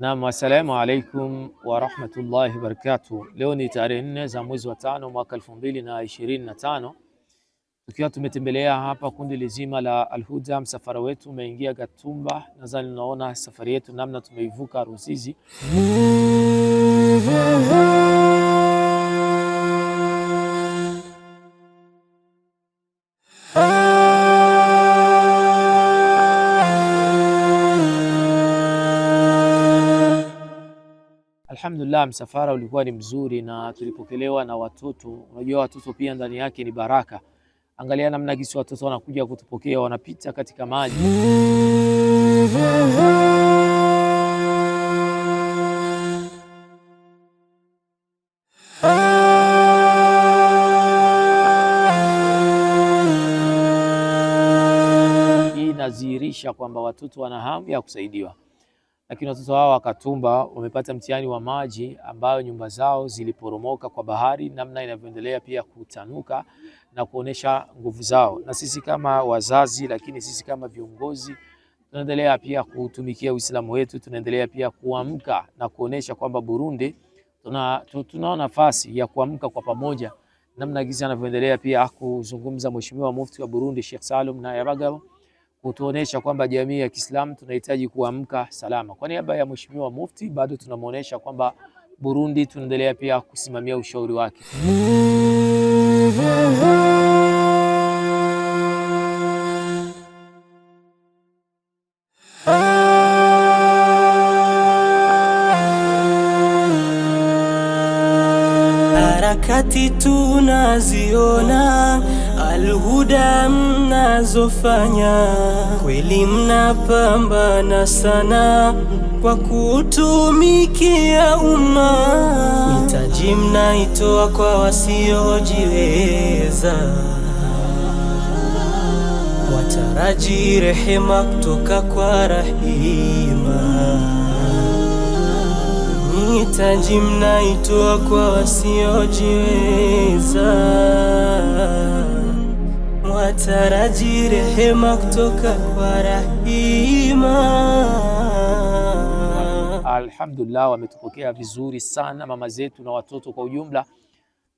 Naam, assalamu alaikum warahmatullahi wabarakatuh. Leo ni tarehe nne za mwezi wa tano mwaka elfu mbili na ishirini na tano tukiwa tumetembelea hapa kundi lizima la Alhuda. Msafara wetu umeingia Gatumba, nadhani unaona safari yetu namna tumeivuka Ruzizi alhamdulillah, msafara ulikuwa ni mzuri na tulipokelewa na watoto. Unajua watoto pia ndani yake ni baraka. Angalia namna gisi watoto wanakuja kutupokea, wanapita katika maji inadhihirisha kwamba watoto wana hamu ya kusaidiwa lakini watoto hao wakatumba wamepata mtihani wa maji ambayo nyumba zao ziliporomoka kwa bahari, namna inavyoendelea pia kutanuka na kuonesha nguvu zao. Na sisi kama wazazi, lakini sisi kama viongozi tunaendelea pia kutumikia Uislamu wetu, tunaendelea pia kuamka na kuonesha kwamba Burundi tuna, tunao nafasi ya kuamka kwa pamoja, namna gizi anavyoendelea pia kuzungumza Mheshimiwa Mufti wa Burundi Sheikh Salum Nayabagabo kutuonesha kwamba jamii ya Kiislamu tunahitaji kuamka salama. Kwa niaba ya Mheshimiwa Mufti, bado tunamuonesha kwamba Burundi tunaendelea pia kusimamia ushauri wake. Harakati tunaziona Alhuda mnazofanya kweli, mnapambana sana kwa kutumikia umma. Mitaji mnaitoa kwa wasiojiweza, wataraji rehema kutoka kwa Rahima mitaji mnaitoa kwa wasiojiweza wataraji rehema kutoka kwa Rahima. Alhamdulillah, wametupokea vizuri sana mama zetu na watoto kwa ujumla.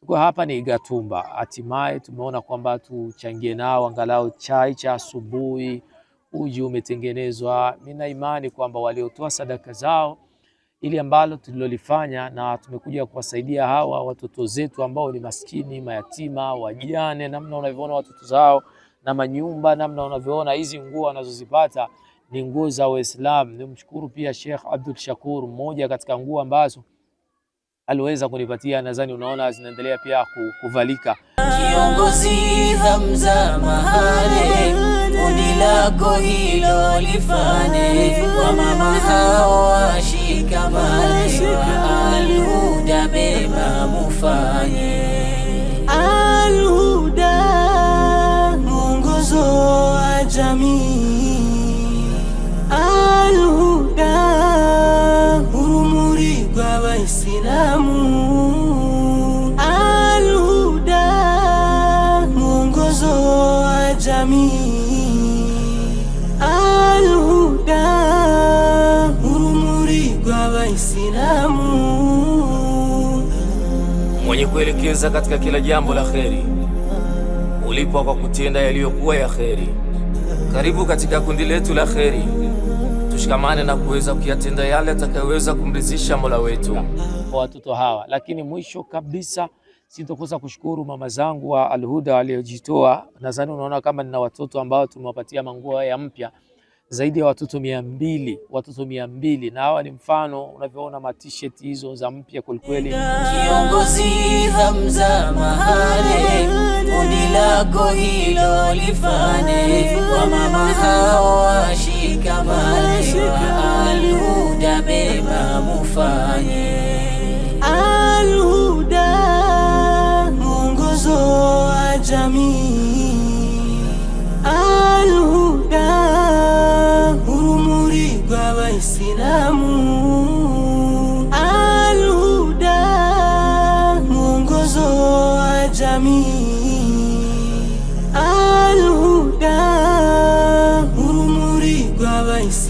Tuko hapa ni Gatumba, hatimaye tumeona kwamba tuchangie nao angalau chai cha asubuhi. Uji umetengenezwa, nina imani kwamba waliotoa sadaka zao ili ambalo tulilolifanya na tumekuja kuwasaidia hawa watoto zetu ambao ni maskini, mayatima, wajane, namna unavyoona watoto zao na manyumba, namna unavyoona hizi nguo wanazozipata ni nguo za Uislamu. Nimshukuru pia Sheikh Abdul Shakur, mmoja katika nguo ambazo aliweza kunipatia, nadhani unaona zinaendelea pia kuvalika. Kiongozi Hamza Mahale, kundi lako hilo lifane kwa mama hawa Shikamani wa Alhuda, mema mufanye. Alhuda mwongozo wa jamii. Alhuda urumuri kwa Waislamu. Alhuda mwongozo wa jamii. mwenye kuelekeza katika kila jambo la kheri, ulipwa kwa kutenda yaliyokuwa ya kheri. Karibu katika kundi letu la kheri, tushikamane na kuweza kuyatenda yale atakayoweza kumridhisha Mola wetu kwa watoto hawa. Lakini mwisho kabisa sitokosa kushukuru mama zangu wa Alhuda waliojitoa. Nadhani unaona kama nina watoto ambao tumewapatia manguo ya mpya zaidi ya watoto mia mbili watoto mia mbili na hawa ni mfano unavyoona matisheti hizo za mpya kwelikweli. Kiongozi Hamza Mahale, kundi lako hilo lifane, kwa mama hao washikamane, Alhuda mema mufanye, Alhuda mwongozo wa jamii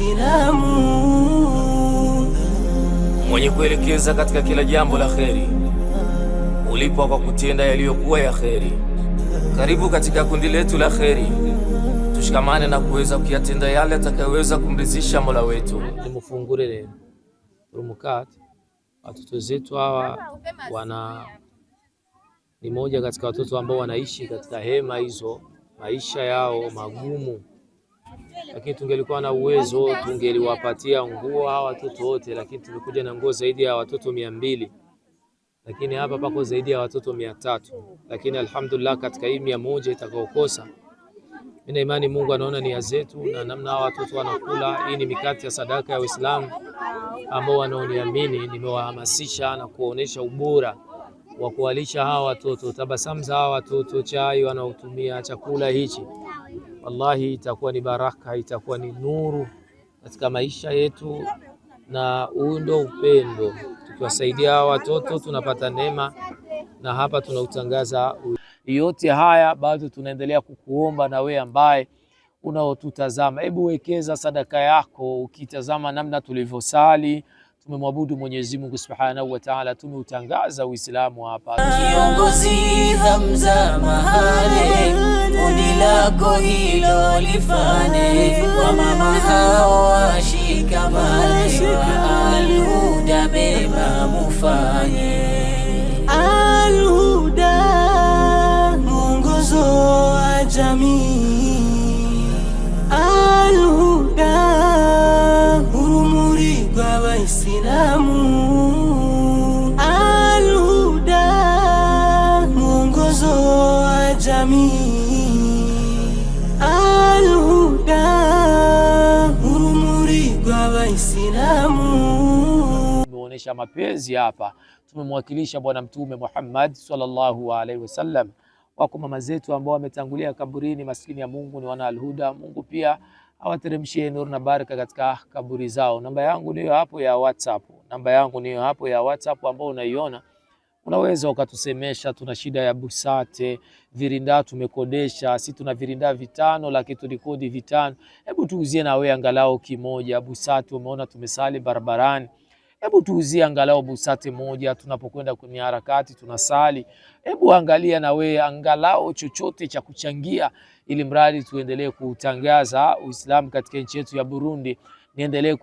Uislamu, mwenye kuelekeza katika kila jambo la kheri, ulipwa kwa kutenda yaliyokuwa ya kheri. Karibu katika kundi letu la kheri, tushikamane na kuweza kuyatenda yale atakayoweza kumridhisha Mola wetu. Nimufungure leo rumukat, watoto zetu hawa wana ni moja katika watoto ambao wanaishi katika hema hizo, maisha yao magumu lakini tungelikuwa na uwezo tungeliwapatia nguo hawa watoto wote, lakini tumekuja na nguo zaidi ya watoto mia mbili lakini hapa pako zaidi ya watoto mia tatu lakini alhamdulillah, katika hii mia moja itakaokosa, mina imani Mungu anaona nia zetu na namna hawa watoto wanakula. Hii ni mikate ya sadaka ya Uislamu. Ambao wanaoniamini nimewahamasisha na kuonesha ubora wa kuwalisha hawa watoto, tabasamu za hawa watoto, chai wanaotumia, chakula hichi wallahi itakuwa ni baraka, itakuwa ni nuru katika maisha yetu, na huu ndio upendo. Tukiwasaidia hawa watoto tunapata neema, na hapa tunautangaza yote haya. Bado tunaendelea kukuomba na we ambaye unaotutazama, hebu wekeza sadaka yako, ukitazama namna tulivyosali tumemwabudu Mwenyezi Mungu Subhanahu wa Ta'ala, tumeutangaza Uislamu hapa. Kiongozi Hamza Mahale, kundi lako hilo lifane, kwa mama hao washikamane, wa Alhuda mema mufanye. Alhuda mwongozo wa jamii wanadamu. Tumeonyesha mapenzi hapa, tumemwakilisha Bwana Mtume Muhammad sallallahu alaihi wasallam. Wako mama zetu ambao wametangulia kaburini, maskini ya Mungu ni wana Alhuda. Mungu pia awateremshie nur na baraka katika kaburi zao. Namba yangu niyo hapo ya WhatsApp, namba yangu niyo hapo ya WhatsApp ambao unaiona Unaweza ukatusemesha tuna shida ya busate, virinda tumekodesha, si tuna virinda vitano lakini tulikodi vitano. Hebu tuuzie na wewe angalau kimoja busate, umeona tumesali barabarani. Hebu tuuzie angalau busate moja tunapokwenda kwenye harakati tunasali. Hebu angalia na wewe angalau chochote cha kuchangia, ili mradi tuendelee kutangaza Uislamu katika nchi yetu ya Burundi, niendelee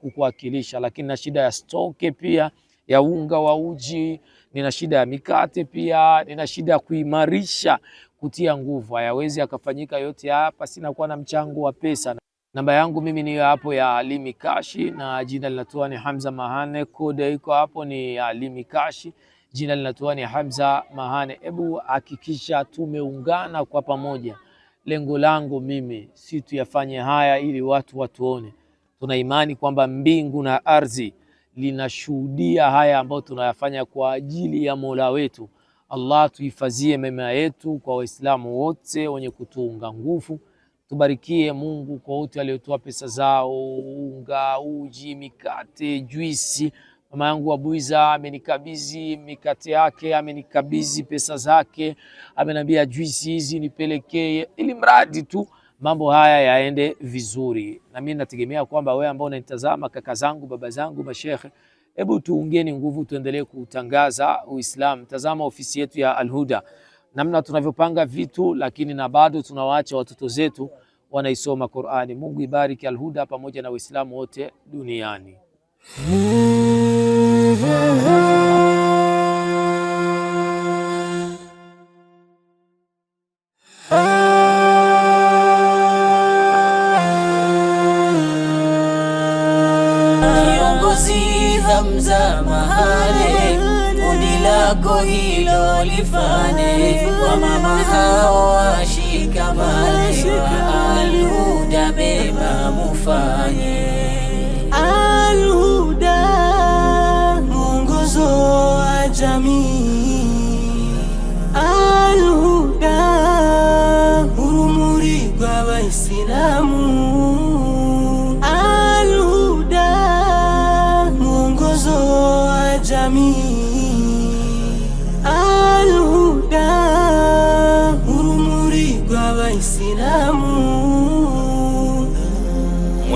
kukuwakilisha. Lakini na shida ya stoke pia ya unga wa uji nina shida ya mikate, pia nina shida ya kuimarisha, kutia nguvu. Hayawezi akafanyika yote hapa, sina kuwa na mchango wa pesa. Namba yangu mimi ni hapo ya Alimi Kashi, na jina linatoa ni Hamza Mahane. Kode iko hapo ni Alimi Kashi, jina linatoa ni Hamza Mahane. Hebu hakikisha tumeungana kwa pamoja. Lengo langu mimi si tuyafanye haya ili watu watuone. Tuna imani kwamba mbingu na ardhi linashuhudia haya ambayo tunayafanya kwa ajili ya Mola wetu. Allah tuhifadhie mema yetu kwa Waislamu wote wenye kutuunga nguvu. Tubarikie Mungu kwa wote aliotoa pesa zao, unga, uji, mikate, juisi. Mama yangu Abuiza amenikabidhi mikate yake, amenikabidhi pesa zake, amenambia juisi hizi nipelekee, ili mradi tu mambo haya yaende vizuri, na mimi nategemea kwamba wewe ambao unanitazama, kaka zangu, baba zangu, mashekhe, hebu tuungeni nguvu, tuendelee kutangaza Uislamu. Tazama ofisi yetu ya Alhuda namna tunavyopanga vitu, lakini na bado tunawaacha watoto zetu wanaisoma Qur'ani. Mungu ibariki Alhuda pamoja na Uislamu wote duniani. Mza mahale kundi lako hilo lifane, wamama hao washikamane, wa Alhuda mema mufanye. Alhuda mwongozo wa jamii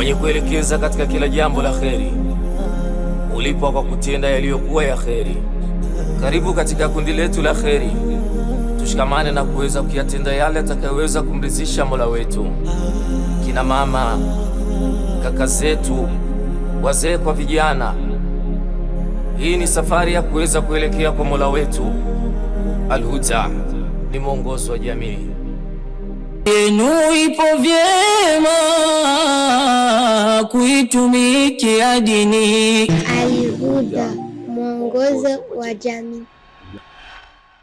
mwenye kuelekeza katika kila jambo la kheri, ulipwa kwa kutenda yaliyokuwa ya kheri. Karibu katika kundi letu la kheri, tushikamane na kuweza kuyatenda yale atakayoweza kumridhisha Mola wetu. Kina mama, kaka zetu, wazee kwa vijana, hii ni safari ya kuweza kuelekea kwa Mola wetu. Alhuda ni mwongozo wa jamii yenu ipo vyema kuitumikia dini. Alihuda, mwongozo wa jamii.